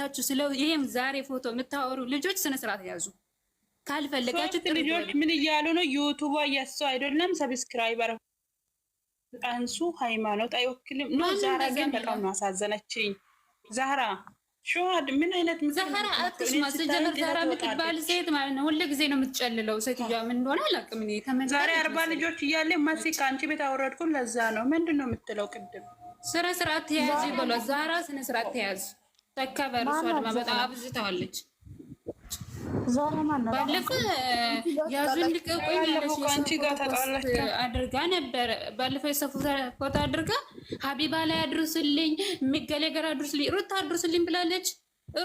መታችሁ ስለ ይሄም ዛሬ ፎቶ የምታወሩ ልጆች ስነ ስርዓት ያዙ። ካልፈለጋችሁ ልጆች ምን እያሉ ነው? ዩቱብ እያሱ አይደለም ሰብስክራይበር አንሱ። ሃይማኖት አይወክልም። ኖ ዛራ ግን በጣም ነው አሳዘነችኝ። ዛራ ሸዋድ ምን አይነት ዛራ አትስማ። ስጀምር ዛራ የምትባል ሴት ማለት ነው ሁሉ ጊዜ ነው የምትጨልለው። ሴትዮዋ ምን እንደሆነ አላውቅም። ዛሬ አርባ ልጆች እያለ መሲ ከአንቺ ቤት አወረድኩን። ለዛ ነው ምንድን ነው የምትለው? ቅድም ስነ ስርዓት ተያዝ በሏ። ዛራ ስነ ስርዓት ተያዝ ተካ አድርጋ ነበረ። ባለፈ የሰው ፎቶ አድርጋ ሀቢባ ላይ አድርሱልኝ፣ የሚገሌ ገር አድርሱልኝ፣ ሩታ አድርሱልኝ ብላለች።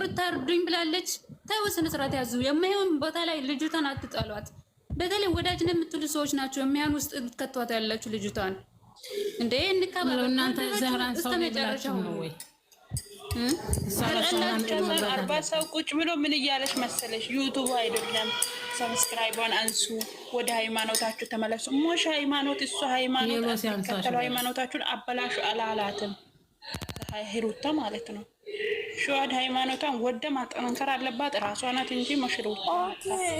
ሩታ እርዱኝ ብላለች። ተው ስነ ስርዓት ያዙ። የማይሆን ቦታ ላይ ልጅቷን አትጣሏት። በተለይ ወዳጅ ነው የምትሉ ሰዎች ናቸው የሚያን ውስጥ ከተቷት ያላችሁ ልጅቷን እንዴ እንካባሉ እናንተ ዘህራን ሰው ነው ወይ አርባ ሰው ቁጭ ብሎ ምን እያለች መሰለች? ዩቱብ አይደለም ሰብስክራይቧን አንሱ፣ ወደ ሃይማኖታችሁ ተመለሱ። ሞሽ ሃይማኖት እሷ ሃይማኖት ሃይማኖታችሁን አበላሹ አላላትም። ማለት ነው። ሸዋድ ሃይማኖቷን ወደ ማጠንከር አለባት እራሷ ናት እንጂ መሽሩ።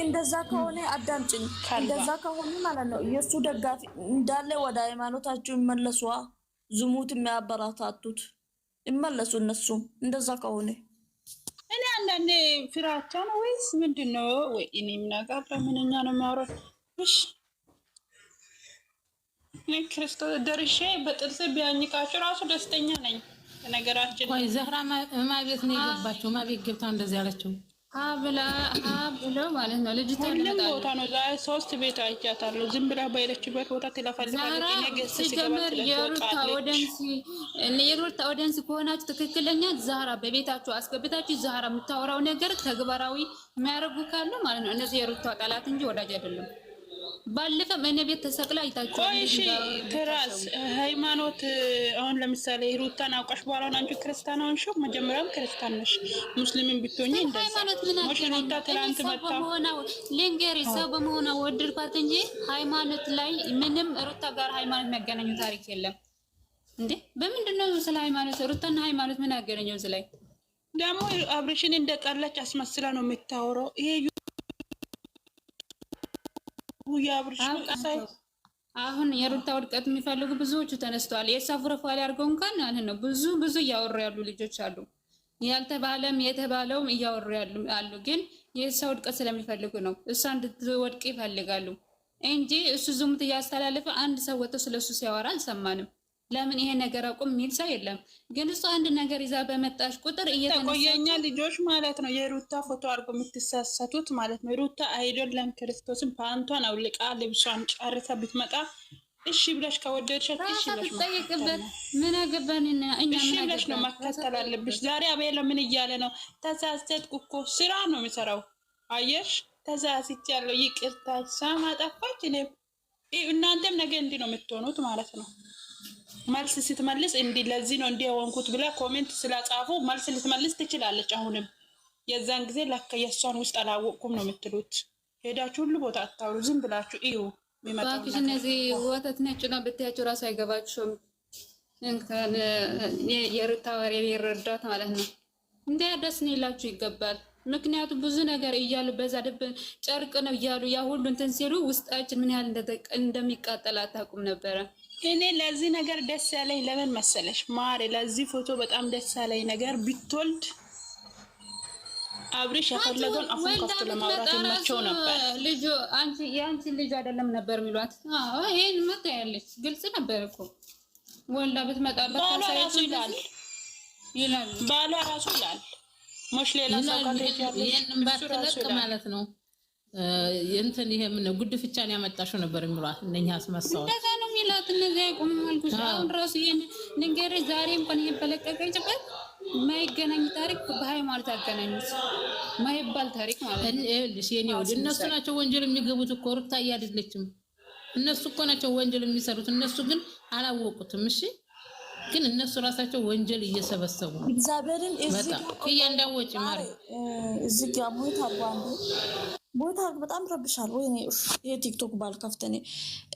እንደዛ ከሆነ አዳምጭኝ። እንደዛ ከሆነ ማለት ነው የእሱ ደጋፊ እንዳለ ወደ ሃይማኖታችሁ ይመለሱ፣ ዝሙት የሚያበረታቱት ይመለሱ እነሱ እንደዛ ከሆነ እኔ አንዳንዴ ፍራቻ ነው ወይስ ምንድን ነው? ወይ እኔ ምናቃለ ምንኛ ነው የሚያወራው? እሺ እኔ ክርስቶስ ደርሼ በጥርስ ቢያኝቃቸው ራሱ ደስተኛ ነኝ። ነገራችን ወይ ዘህራ ማቤት ነው የገባቸው ማቤት ገብታ እንደዚህ አለችው። ብለው ማለት ነው። ልጅቷ ሁሉም ቦታ ነው። ሶስት ቤት አይቻታለሁ። ዝም ብላ በሄደችበት ቦታ ትለፈልፋለች። የሩታ ኦዲየንስ ከሆናችሁ ትክክለኛ ዛራ በቤታችሁ አስገብታችሁ ዛራ የምታወራው ነገር ተግባራዊ የሚያደርጉ ካሉ ማለት ነው እነዚህ የሩታ ጠላት እንጂ ወዳጅ አይደለም። ባለፈም እኔ ቤት ተሰቅላ አይታችሁ። እሺ፣ ትራስ ሃይማኖት አሁን ለምሳሌ ሩታን አውቃሽ በኋላ አሁን አንቺ ክርስቲያን ሆንሽ፣ መጀመሪያም ክርስቲያን ነሽ። ሙስሊምን ብትሆኚ ሃይማኖት ምን ሩታ ትላንት መጣ ሌንጌሪ ሰው በመሆኗ ወደድኳት እንጂ ሃይማኖት ላይ ምንም ሩታ ጋር ሃይማኖት የሚያገናኙ ታሪክ የለም። እንዴ በምንድን ነው ስለ ሃይማኖት ሩታና ሃይማኖት ምን ያገናኘው? እዚህ ደግሞ አብሬሽን እንደጠላች አስመስላ ነው የምታወራው ይሄ የአብርሽ አሁን የሩታ ውድቀት የሚፈልጉ ብዙዎቹ ተነስተዋል። የእሷ ፕሮፋይል አድርገው እንኳን ማለት ነው ብዙ ብዙ እያወሩ ያሉ ልጆች አሉ። ያልተባለም የተባለውም እያወሩ አሉ። ግን የእሷ ውድቀት ስለሚፈልጉ ነው። እሷ እንድትወድቅ ይፈልጋሉ እንጂ እሱ ዝሙት እያስተላለፈ አንድ ሰው ወጥቶ ስለሱ ሲያወራ አልሰማንም። ለምን ይሄ ነገር አቁም የሚል ሰው የለም። ግን እሱ አንድ ነገር ይዛ በመጣሽ ቁጥር እየተቆየኛ ልጆች ማለት ነው የሩታ ፎቶ አድርጎ የምትሳሰቱት ማለት ነው። ሩታ አይደለም ክርስቶስን ፓንቷን አውልቃ ልብሷን ጨርሳ ብትመጣ እሺ ብለሽ ከወደድሻት እሺ ብለሽ ምን አገባን እኛ እሺ ብለሽ ነው መከተል አለብሽ። ዛሬ አቤላ ምን እያለ ነው? ተሳሰትኩ እኮ ስራ ነው የሚሰራው። አየሽ ተሳስቼ ያለው ይቅርታ፣ ሳማ ጠፋች። እኔም እናንተም ነገ እንዲህ ነው የምትሆኑት ማለት ነው። መልስ ስትመልስ እንዲህ ለዚህ ነው እንዲህ የሆንኩት ብላ ኮሜንት ስላጻፉ መልስ ልትመልስ ትችላለች። አሁንም የዛን ጊዜ ለካ የእሷን ውስጥ አላወቅኩም ነው የምትሉት። ሄዳችሁ ሁሉ ቦታ አታውሩ፣ ዝም ብላችሁ እዩ። ባክሽ እነዚህ ወተት ነጭ ነው ብትያቸው ራሱ አይገባችሁም። የሩታ ወሬ ማለት ነው እንደ ደስ ይላችሁ ይገባል። ምክንያቱም ብዙ ነገር እያሉ በዛ ደብ ጨርቅ ነው እያሉ ያ ሁሉ እንትን ሲሉ ውስጣችን ምን ያህል እንደሚቃጠል አታውቁም ነበረ። እኔ ለዚህ ነገር ደስ ያለኝ ለምን መሰለሽ ማሬ? ለዚህ ፎቶ በጣም ደስ ያለኝ ነገር ብትወልድ አብሪሽ የፈለገውን አፉን ከፍቶ ለማውራት ይመቸው ነበር። ልጁ አንቺ የአንቺ ልጅ አይደለም ነበር የሚሏት። ይህን መታ ያለች ግልጽ ነበር እኮ ወልዳ ብትመጣበት ባሏ ራሱ ይላል ይላል ባሏ ራሱ ይላል ሞሽ ሌላ ሰው ማለት ነው እንትን ይሄ ምን ጉድ ፍቻን ያመጣሽው ነበር የሚሏት እነኛ አስመሳዎች ቁርጠት እነዚህ አይቆምም አልኩሽ። አሁን ራሱ ይሄን ንገሪ። ዛሬ እንኳን ይሄን በለቀቀችበት ማይገናኝ ታሪክ በሃይማኖት አገናኙት ማይባል ታሪክ ማለት ነው። ይኸውልሽ የኔ ወድ እነሱ ናቸው ወንጀል የሚገቡት እኮ ሩታ እያደለችም እነሱ እኮ ናቸው ወንጀል የሚሰሩት። እነሱ ግን አላወቁትም። እሺ ግን እነሱ ራሳቸው ወንጀል እየሰበሰቡ ነው። እግዚአብሔርን እዚህ እያንዳወጭ ማሪ እዚህ ጋር ሞት አባንዱ ቦታ በጣም ረብሻል። ወይ የቲክቶክ ባል ከፍተኔ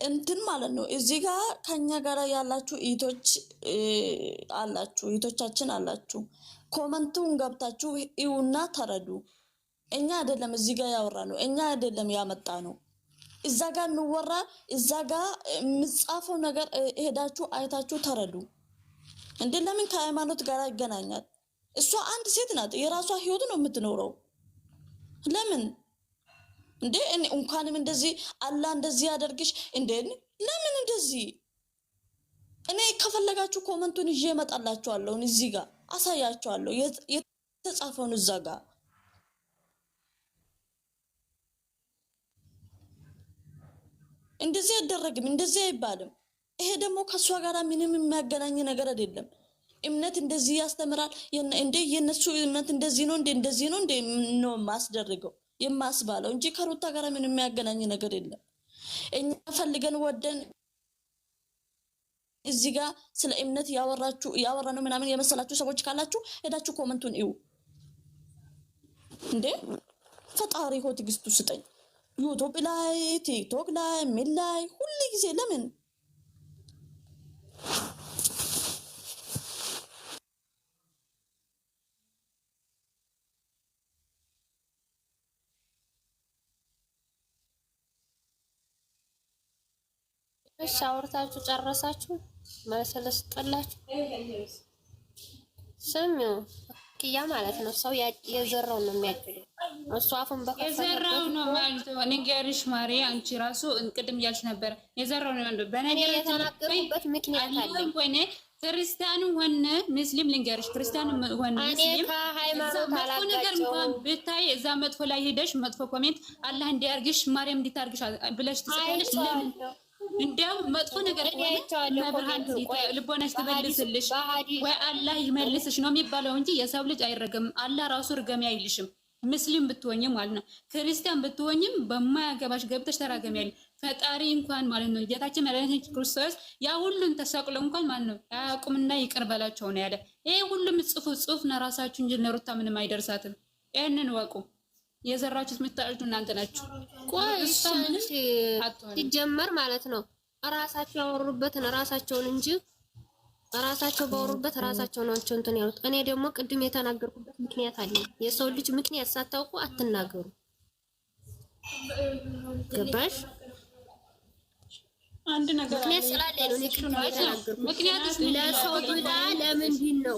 እንትን ማለት ነው። እዚህ ጋ ከኛ ጋር ያላችሁ እህቶች አላችሁ፣ እህቶቻችን አላችሁ። ኮመንቱን ገብታችሁ እዩና ተረዱ። እኛ አይደለም እዚህ ጋ ያወራ ነው፣ እኛ አይደለም ያመጣ ነው። እዛ ጋ የሚወራ እዛ ጋ የምጻፈው ነገር ሄዳችሁ አይታችሁ ተረዱ። እንዴ ለምን ከሃይማኖት ጋር ይገናኛል? እሷ አንድ ሴት ናት፣ የራሷ ህይወት ነው የምትኖረው። ለምን እንዴ እንኳንም እንደዚህ አላህ እንደዚህ ያደርግሽ። እንዴ ለምን እንደዚህ እኔ ከፈለጋችሁ ኮመንቱን ይዤ እመጣላችኋለሁ። እዚህ ጋር አሳያችኋለሁ የተጻፈውን እዛ ጋር እንደዚህ አይደረግም፣ እንደዚህ አይባልም። ይሄ ደግሞ ከእሷ ጋር ምንም የሚያገናኝ ነገር አይደለም። እምነት እንደዚህ ያስተምራል እንዴ? የእነሱ እምነት እንደዚህ ነው እንዴ? እንደዚህ ነው እንዴ ነው ማስደርገው የማስባለው እንጂ ከሩታ ጋር ምን የሚያገናኝ ነገር የለም። እኛ ፈልገን ወደን እዚህ ጋር ስለ እምነት ያወራችሁ ነው ምናምን የመሰላችሁ ሰዎች ካላችሁ ሄዳችሁ ኮመንቱን እዩ። እንዴ ፈጣሪ ሆ ትግስቱ ስጠኝ። ዩቱብ ላይ ቲክቶክ ላይ ምን ላይ ሁሉ ጊዜ ለምን እሺ፣ አውርታችሁ ጨረሳችሁ? መልስ ልስጥላችሁ። ስሚው ቅያ ማለት ነው። ሰው የዘራው ነው የሚያጭደው። እሱ አፉን በከፈተ የዘራው ነው ማለት ነው። ንገርሽ ማሪ፣ አንቺ ራሱ እንቅድም እያልሽ ነበር የዘራው ነው ማለት ነው። በነገር የተናገሩበት ምክንያት አለ ወይ ክርስቲያኑ ሆነ ሙስሊም ልንገርሽ፣ ክርስቲያኑ ሆነ ሙስሊም መጥፎ ነገር እንኳን ብታይ እዛ መጥፎ ላይ ሄደሽ መጥፎ ኮሜንት አላህ እንዲያርግሽ ማርያም እንዲታርግሽ ብለሽ ትጽፋለሽ ለምን እንዲያውም መጥፎ ነገር መብርሃን ልቦናሽ ትመልስልሽ ወይ አላህ ይመልስሽ ነው የሚባለው እንጂ የሰው ልጅ አይረገምም። አላህ ራሱ እርገሚ አይልሽም። ምስሊም ብትሆኝም ማለት ነው ክርስቲያን ብትሆኝም በማያገባሽ ገብተሽ ተራገሚ ያለ ፈጣሪ እንኳን ማለት ነው ጌታችን መድኃኒታችን ክርስቶስ ያ ሁሉን ተሰቅሎ እንኳን ማለት ነው አያውቁምና ይቅር በላቸው ነው ያለ። ይሄ ሁሉም ጽፉ ጽሁፍ ነው ራሳችሁ እንጂ ነሩታ ምንም አይደርሳትም። ይህንን ወቁ። የዘራችሁት የምታጭዱ እናንተ ናችሁ። ቆይ ሲጀመር ማለት ነው ራሳቸው ያወሩበትን እራሳቸውን እንጂ ራሳቸው ባወሩበት ራሳቸው ናቸው እንትን ያሉት። እኔ ደግሞ ቅድም የተናገርኩበት ምክንያት አለ። የሰው ልጅ ምክንያት ሳታውቁ አትናገሩ። ገባሽ? አንድ ነገር ምክንያት ስላለ ነው። ለሰው ብላ ለምንድን ነው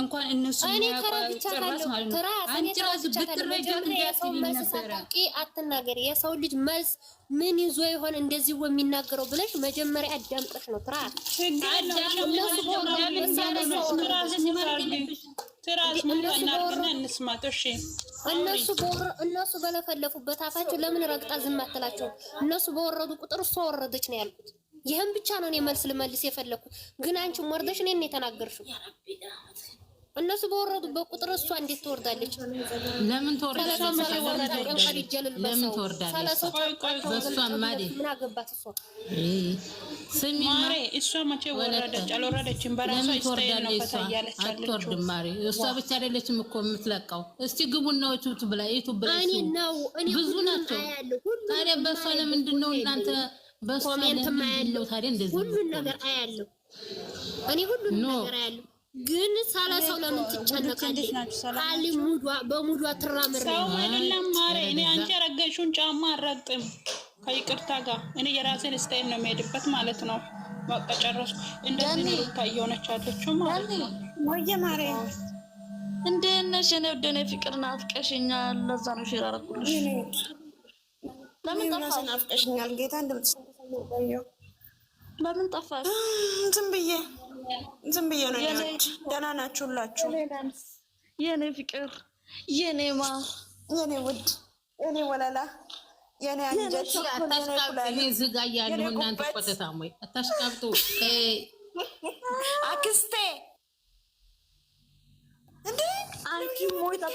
እንኳን እነሱ እኔ ተራ ብቻ ካለው ተራ አትናገሪ። የሰው ልጅ መልስ ምን ይዞ ይሆን እንደዚህ የሚናገረው ብለሽ መጀመሪያ አዳምጠሽ ነው። ትራ እነሱ በለፈለፉበት አፋቸው ለምን ረግጣ ዝም አትላቸው? እነሱ በወረዱ ቁጥር እሷ ወረደች ነው ያልኩት። ይህም ብቻ ነው እኔ መልስ ልመልስ የፈለግኩ። ግን አንቺ ወርደሽ እኔን ነው የተናገርሽው። እነሱ በወረዱበት ቁጥር እሷ እንዴት ትወርዳለች? ለምን ትወርዳለች? ለምን ምን አገባት እሷ? ማሬ፣ እሷ መቼ ወረደች አልወረደችም፣ በራሷ ስታይል አትወርድም። ማሬ፣ እሷ ብቻ አይደለችም እኮ የምትለቀው። እስቲ ግቡና ዩቱብ ዩቱብ ብዙ ናቸው። ታዲያ በእሷ ለምንድን ነው እናንተ ኮሜንትም አያለው ሁሉን ነገር አያለው። እኔ ሁሉን ነገር አያለው። ግን ሳላ ሰው ለምን ትጨነቃለች? ሙዷ በሙዷ ትራመር ሰው አይደለም ማረ እኔ አንቺ ያረገሽውን ጫማ አረግጥም ከይቅርታ ጋር እኔ የራሴን ስታይል ነው የሚሄድበት ማለት ነው። በቃ ጨረስኩ። እንደዚህ ነው ታየሆነች አለችው ማለት ነው። ወየ ማረ እንዴት ነሽ? እኔ ወደ እኔ ፍቅር ናፍቀሽኛል። ለዛ ነው ሽራረኩልሽ ለምን ናፍቀሽኛል? ጌታን ድምጽ ለምን ጠፋሽ? ዝም ብዬ ዝም ብዬ ነው። ደህና ናችሁ ሁላችሁ? የኔ ፍቅር፣ የኔ ማር፣ የኔ ውድ፣ የኔ ወለላ፣ የኔ አንጀት፣ አክስቴ እንዴ አንቺ ሞይ ጠጣ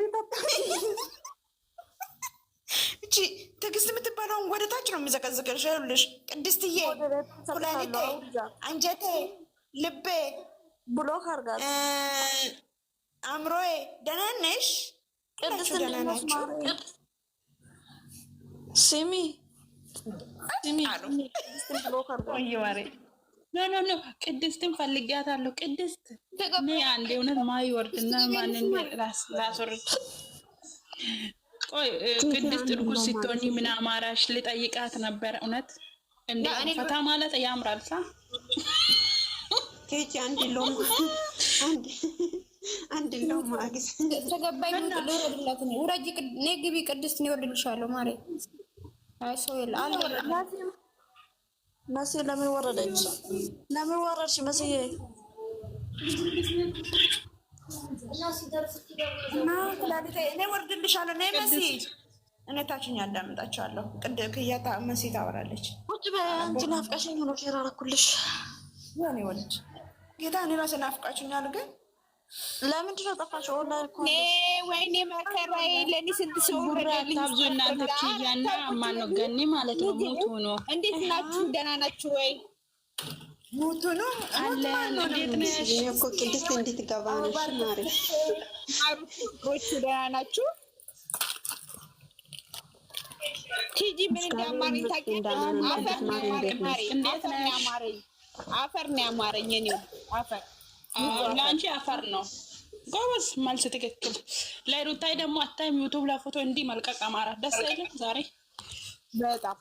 ሞይ ጠጣ ይቺ ትዕግስት የምትባለውን ወደታች ነው የምዘቀዝቅሽ። ይኸውልሽ ቅድስትዬ፣ ኩላሊቴ፣ አንጀቴ፣ ልቤ፣ ብሎ አርጋ አእምሮዬ፣ ደህና ነሽ? ቅድስት ደህና ናቸው። ስሚ ስሚ ኖ ቅድስትን ፈልጊያታለሁ። ቅድስት እኔ አንድ እውነት ማይወርድና ማንን ላስወርድ ቆይ ቅድስት እርጉዝ ስትሆኚ ምን አማራሽ ልጠይቃት ነበር። እውነት እንደ ፈታ ማለት ያምራል። ሳ ኬቺ አንድ ሎም አንድ ሎም አግስ ተገባኝ ነው ለወረድላት ነው ውረጂ፣ ግቢ ቅድስት ነው ይወርድልሻለሁ። ማሬ አይ ሰው ይል ለምን ወረደች? ለምን ወረድሽ መሲዬ? እኔ ወርድልሻለሁ። እኔ መሲ እኔ ታችኛ እንዳምጣቸዋለሁ። ቅያታ መሲ ታወራለች። ቁጭ በንት ናፍቀሽኝ ሆኖ ሼር አደረኩልሽ። ሆን ጌታ እኔ ራሴ ናፍቃችኛል። ግን ለምንድን ነው ጠፋሽው? ኦንላይን ወይኔ መከራዬ። ለእኔ ስንት ሰው ታብዙ። እናንተ ኪያና ማነው ገኒ ማለት ነው። ሙት ሆኖ እንዴት ናችሁ? ደህና ናችሁ ወይ? ሞቶ ነው አለ። ነሽ? እኮ ቅድስት እንዴት ገባ ነሽ? ማሪ ሮች ደህና ናችሁ? ቲጂ ምን እንዳማረኝ ታውቂያለሽ? አፈር ነው ያማረኝ እኔ አፈር ለአንቺ አፈር ነው። ጎበዝ መልስ ትክክል። ለሩታይ ደግሞ አታይም ዩቱብ ለፎቶ እንዲህ መልቀቅ አማራ ደስ አይልም ዛሬ በጣም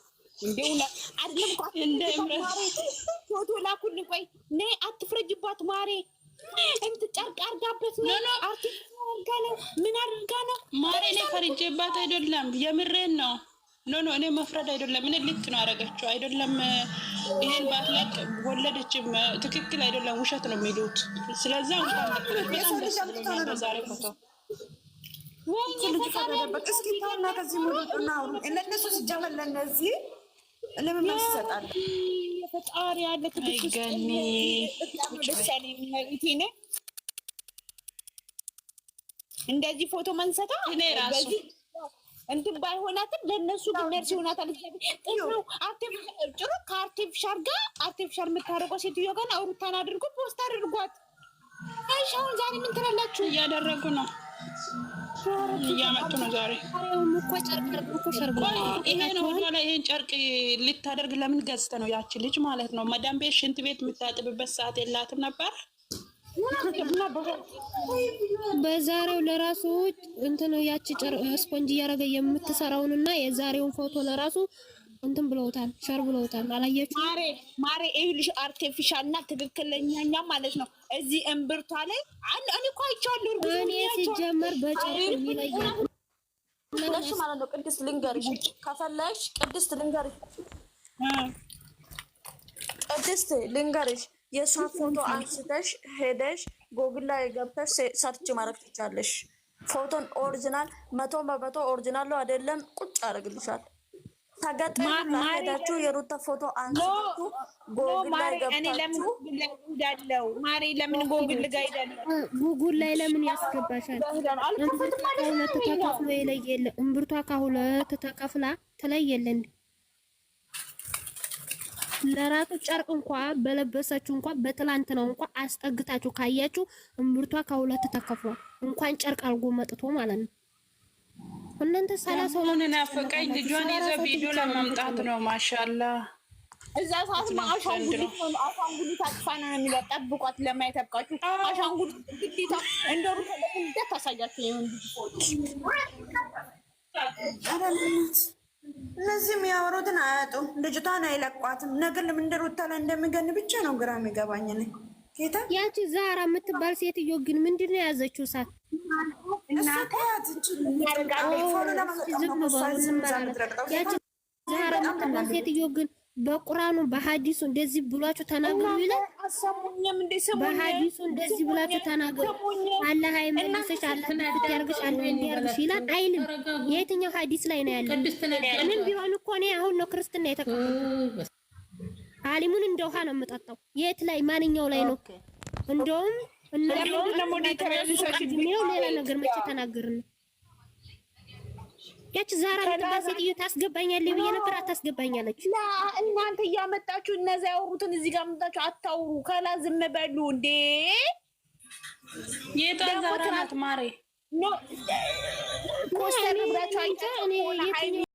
ፎቶ ላኩልኝ። ቆይ ነይ፣ አትፍረጅባት ማሬ። ጨርቅ አርጋበት ነው ምን አድርጋ ነው ማሬ? እኔ ፈርጄባት አይደለም፣ የምሬን ነው። ኖ ኖ፣ እኔ መፍረድ አይደለም። እኔ ልክ ነው ያደረገችው አይደለም። ይሄን ባትለቅ ወለደችም፣ ትክክል አይደለም፣ ውሸት ነው የሚሉት። ስለዛ ዛሬ ፎቶ እነሱ ሲጀመር ለነዚህ ለምን መልስ ይሰጣል? ፈጣሪ ያለ እንደዚህ ፎቶ መንሰታ እንትን ባይሆናትም ለእነሱ ነርስ ይሆናታል። ጥሩ ከአርቲፊሻል ጋር አርቲፊሻል የምታደርገው ሴትዮ ጋር አውሩታን አድርጎ ፖስት አድርጓት። አይሻሁን ዛሬ ምን ትላላችሁ? እያደረጉ ነው እያመጡ ነው ዛሬ። ይሄ ነው ይሄን ጨርቅ ልታደርግ ለምን ገዝተ ነው? ያቺ ልጅ ማለት ነው መዳም ቤት ሽንት ቤት የምታጥብበት ሰዓት የላትም ነበር። በዛሬው ለራሱ እንትን ያቺ ስፖንጅ እያደረገ የምትሰራውንና የዛሬውን ፎቶ ለራሱ እንትን ብለውታል፣ ሸር ብለውታል። አላያችሁ ማሬ ማሬ፣ ይኸውልሽ አርቴፊሻል እና ትክክለኛኛ ማለት ነው። እዚህ እምብርቷ ላይ እኔ እኮ አይቼዋለሁ። እኔ ሲጀመር በጨርቅ የሚለያል እሱ ማለት ነው። ቅድስት ልንገርሽ ከፈለሽ፣ ቅድስት ልንገርሽ፣ ቅድስት ልንገርሽ፣ የእሷ ፎቶ አንስተሽ ሄደሽ ጎግል ላይ ገብተሽ ሰርች ማድረግ ትቻለሽ። ፎቶን ኦሪጂናል መቶ በመቶ ኦሪጂናል አይደለም ቁጭ ያደርግልሻል። ተገጠሉ ሄዳችሁ የሩታ ፎቶ አንስቶ ጎግል ላይ ገብታችሁ ለምን ጎግል ጋር ሄዳለሁ? ጉጉል ላይ ለምን ያስገባሻል? ከሁለት ተከፍሎ ይለየለ እምብርቷ ከሁለት ተከፍላ ትለየለን። ለራሱ ጨርቅ እንኳ በለበሰችው እንኳ በትላንት ነው እንኳ አስጠግታችሁ ካያችሁ እምብርቷ ከሁለት ተከፍሏል። እንኳን ጨርቅ አልጎ መጥቶ ማለት ነው እናንተ ሰላሳ ናፈቀኝ። ልጇን ይዘ ቪዲዮ ለማምጣት ነው። ማሻላ እዛ ሰዓት አሻንጉሊት አሻንጉሊት አቅፋ ነው የሚለው። ጠብቋት፣ ለማየት ያብቃችሁ። አሻንጉሊት ግዴታ እንደሩ እንደት ታሳያችሁ። ይሁን እነዚህ የሚያወሩትን አያጡም። ልጅቷን አይለቋትም። ነገር ለምን ላይ እንደሚገን ብቻ ነው ግራ የሚገባኝ ነኝ ጌታ ያቺ ዛራ የምትባል ሴትዮ ግን ምንድን ነው የያዘችው? እሳት ያቺ ዛራ የምትባል ሴትዮ ግን በቁራኑ በሀዲሱ እንደዚህ ብሏችሁ ተናገሩ ይላል። በሀዲሱ እንደዚህ ብሏችሁ ተናገሩ፣ አለ አይመለሰሽ፣ አላህ አለ ያርግሽ፣ አላህ እንዲህ ይላል አይልም። የትኛው ሀዲስ ላይ ነው ያለ? ምን ቢሆን እኮ እኔ አሁን ነው ክርስትና የተቀበልኩት። አሊሙን እንደ ውሃ ነው የምጠጣው። የት ላይ ማንኛው ላይ ነው? እንደውም ሌላ ነገር መቼ ተናገርን? ያች ዛራ ምትባል ሴትዮ ታስገባኛለች ብዬ ነበር። አታስገባኛለች። እናንተ እያመጣችሁ እነዛ ያወሩትን እዚህ ጋር መጣችሁ አታውሩ። ከላ ዝም በሉ እንዴ!